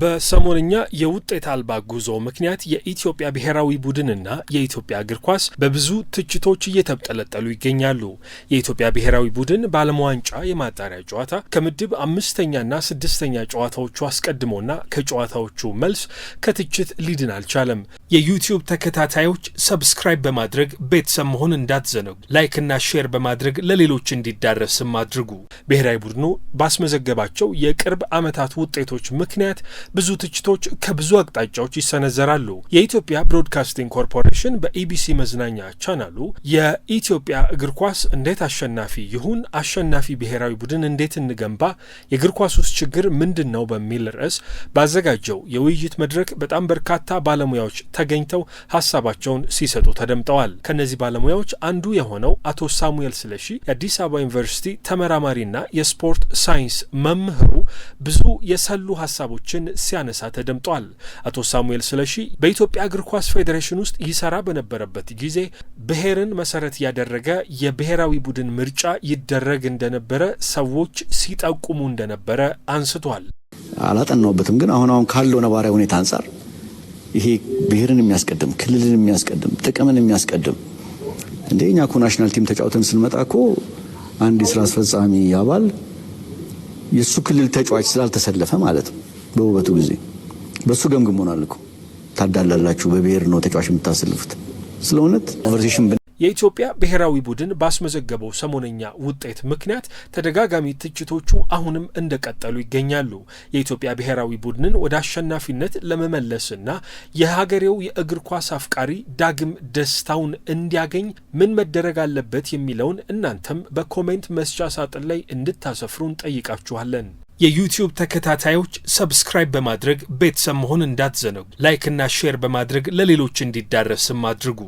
በሰሞንኛ የውጤት አልባ ጉዞ ምክንያት የኢትዮጵያ ብሔራዊ ቡድንና የኢትዮጵያ እግር ኳስ በብዙ ትችቶች እየተብጠለጠሉ ይገኛሉ። የኢትዮጵያ ብሔራዊ ቡድን በዓለም ዋንጫ የማጣሪያ ጨዋታ ከምድብ አምስተኛና ስድስተኛ ጨዋታዎቹ አስቀድሞና ከጨዋታዎቹ መልስ ከትችት ሊድን አልቻለም። የዩቲዩብ ተከታታዮች ሰብስክራይብ በማድረግ ቤተሰብ መሆን እንዳትዘነጉ፣ ላይክና ሼር በማድረግ ለሌሎች እንዲዳረስም አድርጉ። ብሔራዊ ቡድኑ ባስመዘገባቸው የቅርብ ዓመታት ውጤቶች ምክንያት ብዙ ትችቶች ከብዙ አቅጣጫዎች ይሰነዘራሉ። የኢትዮጵያ ብሮድካስቲንግ ኮርፖሬሽን በኢቢሲ መዝናኛ ቻናሉ የኢትዮጵያ እግር ኳስ እንዴት አሸናፊ ይሁን፣ አሸናፊ ብሔራዊ ቡድን እንዴት እንገንባ፣ የእግር ኳስ ውስጥ ችግር ምንድን ነው በሚል ርዕስ ባዘጋጀው የውይይት መድረክ በጣም በርካታ ባለሙያዎች ተገኝተው ሀሳባቸውን ሲሰጡ ተደምጠዋል። ከእነዚህ ባለሙያዎች አንዱ የሆነው አቶ ሳሙኤል ስለሺ የአዲስ አበባ ዩኒቨርሲቲ ተመራማሪና የስፖርት ሳይንስ መምህሩ ብዙ የሰሉ ሀሳቦችን ሲያነሳ ተደምጧል። አቶ ሳሙኤል ስለሺ በኢትዮጵያ እግር ኳስ ፌዴሬሽን ውስጥ ይሰራ በነበረበት ጊዜ ብሔርን መሰረት ያደረገ የብሔራዊ ቡድን ምርጫ ይደረግ እንደነበረ ሰዎች ሲጠቁሙ እንደነበረ አንስቷል። አላጠናውበትም፣ ግን አሁን አሁን ካለው ነባራዊ ሁኔታ አንጻር ይሄ ብሔርን የሚያስቀድም ክልልን የሚያስቀድም ጥቅምን የሚያስቀድም እንዴ እኛ ኮ ናሽናል ቲም ተጫውተን ስንመጣ ኮ አንድ የስራ አስፈጻሚ አባል የእሱ ክልል ተጫዋች ስላልተሰለፈ ማለት ነው በውበቱ ጊዜ በሱ ገምግሞናል እኮ ታዳላላችሁ። በብሔር ነው ተጫዋች የምታሰልፉት። ስለ እውነት ኮንቨርሴሽን የኢትዮጵያ ብሔራዊ ቡድን ባስመዘገበው ሰሞነኛ ውጤት ምክንያት ተደጋጋሚ ትችቶቹ አሁንም እንደቀጠሉ ይገኛሉ። የኢትዮጵያ ብሔራዊ ቡድንን ወደ አሸናፊነት ለመመለስና የሀገሬው የእግር ኳስ አፍቃሪ ዳግም ደስታውን እንዲያገኝ ምን መደረግ አለበት የሚለውን እናንተም በኮሜንት መስጫ ሳጥን ላይ እንድታሰፍሩን ጠይቃችኋለን። የዩቲዩብ ተከታታዮች ሰብስክራይብ በማድረግ ቤተሰብ መሆን እንዳትዘነጉ። ላይክና ሼር በማድረግ ለሌሎች እንዲዳረስም አድርጉ።